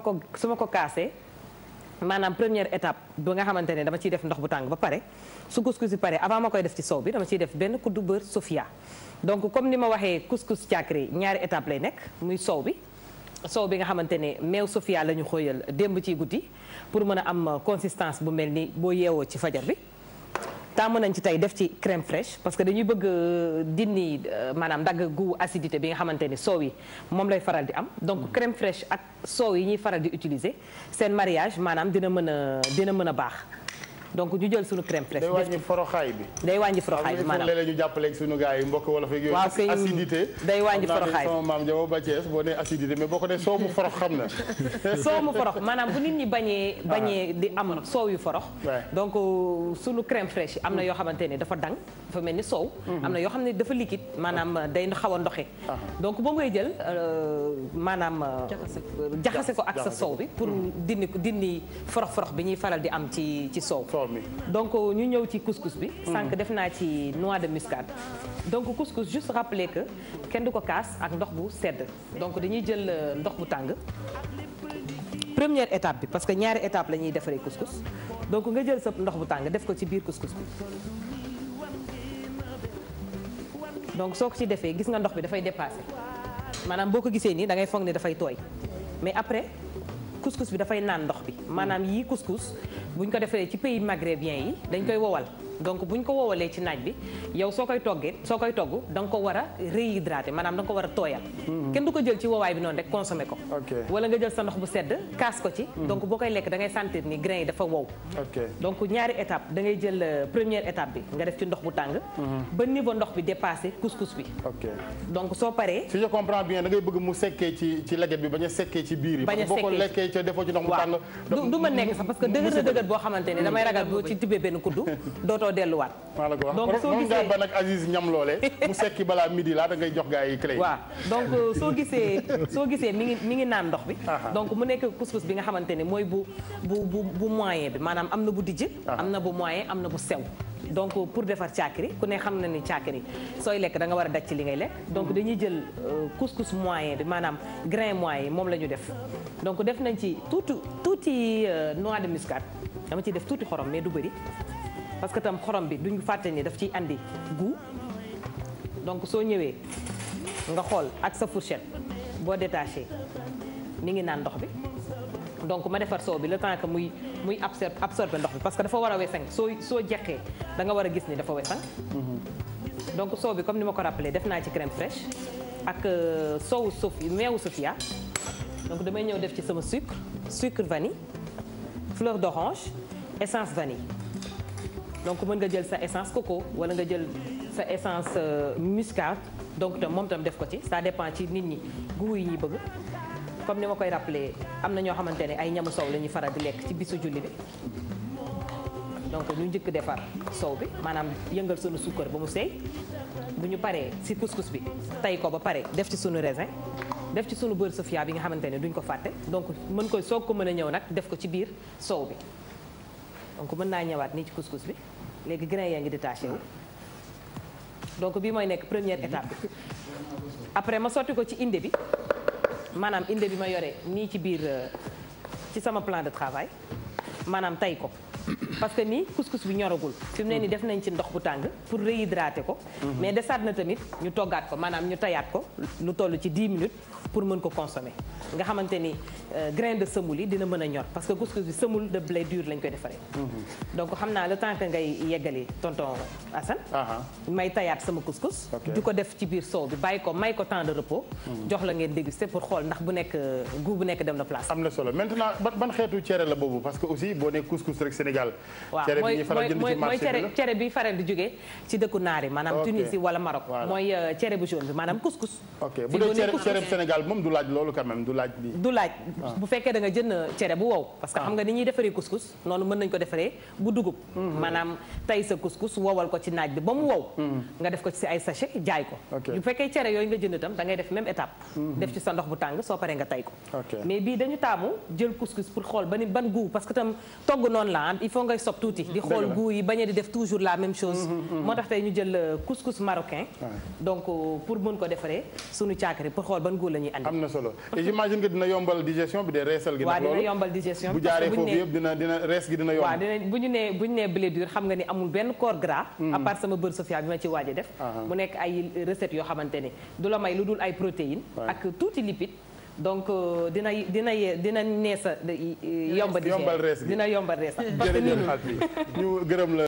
ko su ma ko kaasee maanaam première étape ba nga xamante ne dama ciy def ndox bu tàng ba pare su couscous bi pare avant ma koy def ci soow bi dama ciy def benn kuddu beurre sofia donc comme ni ma waxee couscous càkkiri ñaari étape lay nekk muy soow bi soow bi nga xamante ne meew sofia la ñu xóoyal démb ci guddi pour mën a am consistance bu mel ni boo yeewoo ci fajar bi tàmm nañ ci tey def ci crème fraîche parce que dañuy bëgg euh, dindi euh, maanaam dagg gu acidité bi nga xamante ni soow yi moom lay faral di am donc hmm. crème fraîche ak soow yi ñuy faral di utiliser seen mariage maanaam dina mën a dina mën a baax donc ñu jël suñu crème fraîche. day wàññi foroxaay bi. day wàññi foroxaay bi maanaam léeg-léeg ñu jàppaleeg suñu gars yi mbokk wala boo nee acidité mais boo ko nee soow mu forox xam na maanaam bu nit ñi bañee ah. bañee di am soow yu forox donc euh, suñu crème fraîche am na yoo xamante ne dafa dang dafa mel ni soow mhm. am na yoo xam ne dafa liquide maanaam ah. day xaw a ndoxe ah. donc boo ngay jël euh, maanaam euh, jaxase ko ak sa soow bi pour mhm. dindi dindi forox forox bi ñuy faral di am ci ci soow tool mi. donc euh, ñu ñëw ci couscous bi. sànq def naa ci noix de muscade. donc couscous juste rappeler que kenn du ko kaas ak ndox bu sedd donc dañuy jël euh, ndox bu tàng. première étape bi parce que ñaari étape la ñuy defaree couscous donc nga jël sa ndox bu tàng def ko ci biir couscous bi. donc soo ko ci defee gis nga ndox bi dafay dépassé maanaam boo ko gisee nii da ngay foog ne dafay tooy mais après couscous bi dafay naan ndox bi maanaam yii bu ñu ko defee ci pays maghrébien yi dañ koy wowal donc bu ñu ko woowalee ci naaj bi yow soo koy toggee soo koy togg da nga ko war a réhydrater maanaam da nga ko war a tooyal mm-hmm. kenn du ko jël ci woowaay bi noonu rek consommer ko wala nga jël sa ndox bu sedd kaas ko ci mm-hmm. donc boo koy lekk da ngay sentir ni euh, bi nga def ci ndox bu tàng mm-hmm. ba niveau ndox bi dépassé couscous bi donc soo paree si je comprends bien da ngay bëgg mu sekkee ci ci leget bi bañ a sekkee ci biir yi bañ a sekkee boo defoo ci ndox bu tàng du ma nekk sax parce dëgër na dëgër boo xamante ni damay ragal boo ci tibbee benn kuddu doo delluwaat. donc soo gisee ba nag Aziz euh, soo gisee soo gisee mi ngi mi ngi naan ndox bi. donc mu nekk couscous bi nga xamante ne mooy bu bu bu bu moyen bi maanaam am na bu dijj. am na bu moyen am na bu sew. donc euh, pour defar caakiri ku ne xam na ni caakiri sooy lekk danga war a daj ci li ngay lekk. donc hmm. dañuy jël euh, couscous moyen bi maanaam grain moyen moom la ñu def. donc def nañ ci tuuti tuuti noix de muscade dama ci def tuuti xorom mais du bëri parce que tam xorom bi du ñu fàtte ni daf ciy andi goût donc soo ñëwee nga xool ak sa fourchette boo détaché mi ngi naan ndox bi donc ma defar soow bi le temps que muy muy absorbe absorbe ndox bi parce que dafa war a wesang soo soo jeqee da war a gis ni dafa wesang mm-hmm. donc soow bi comme ni ma ko rappelé def naa ci crème fraîche ak euh, soowu sofi meewu sofia donc damay ñëw def ci sama sucre sucre vanille fleur d'orange essence vanille donc mën nga jël sa essence coco wala nga jël sa essence euh, muscade donc tam moom tam def ko ci sa dépend ci nit ñi goût yi ñuy bëgg comme ni ma koy rappelé am na ñoo xamante ne ay ñamu sow la ñuy faral di lekk ci bisu julli bi donc ñu njëkk defar sow bi maanaam yëngal sunu suukar ba mu seey bu ñu paree si couscous bi tey ko ba pare def ci sunu raisin def ci sunu beurre sofia bi nga xamante ne duñ ko fàtte donc mën koy soog ko mën a ñëw nag def ko ci biir sow bi donc mën naa ñëwaat nii ci couscous bi léegi grain yaa ngi détaché donc bii mooy nekk première étape bi après ma sotti ko ci inde bi maanaam inde bi ma yore nii ci biir euh, ci sama plan de travail maanaam tey ko parce que nii couscous bi ñoragul fi ne nii def nañ ci ndox bu tàng pour réhydrater ko mais desaat na tamit ñu toggaat ko maanaam ñu tayaat ko lu toll ci 10 minutes pour mën ko consommer nga xamante ni euh, grain de semoule yi dina mën a ñor parce que couscous bi semoule de blé dur lañ koy defaree mhm. donc xam naa le temps que ngay yeggali tonton Assane may tayaat sama couscous di ko def ci biir soow bi bàyyi ko may ko temps de repos mhm. jox la ngeen déguster pour nekk euh, goût bu nekk dem na place am na solo waaw mooy mooy cere cere bi faral di jógee ci dëkku naar maanaam Tunisie wala Maroc mooy euh, cere bu jaune bi maanaam couscous ok bu dee ah. cere bu wow parce que ah. xam nga ni ñuy defaree couscous noonu mën nañ ko defaree bu dugub mm-hmm. maanaam tay sa couscous wowal ko ci naaj bi ba mu wow mm-hmm. nga def ko ci ay sachet jaay ko bu fekkee cere yooyu nga jënd itam da ngay def même étape mm-hmm. def ci sa ndox bu tàng soo paree nga tay ko mais bii dañu taamu jël couscous pour xool sob tuuti di xool goût yi bañ a di def toujours la même chose mm-hmm, mm-hmm. moo tax tey ñu jël euh, couscous marocain donc euh, pour mën ko defaree suñu caakari pour xool ban goût la ñuy andi am na solo et j'imagine que dina yombal digestion bi de reesal gi waaw dina yombal digestion bu jaaree foofu yëpp dina rees gi dina yombal bu ñu nee bu ñu nee blé dur xam nga ni amul benn corps gras mm-hmm. à part sama beurre sofia bi ma ci waaje def ah. mu nekk ay recettes yoo xamante ne du la may lu dul ay protéines ak tuuti lipides donc euh, dina dina dina neesa yomba di dina yombal rees dina yombal rees parce que ñu gërëm la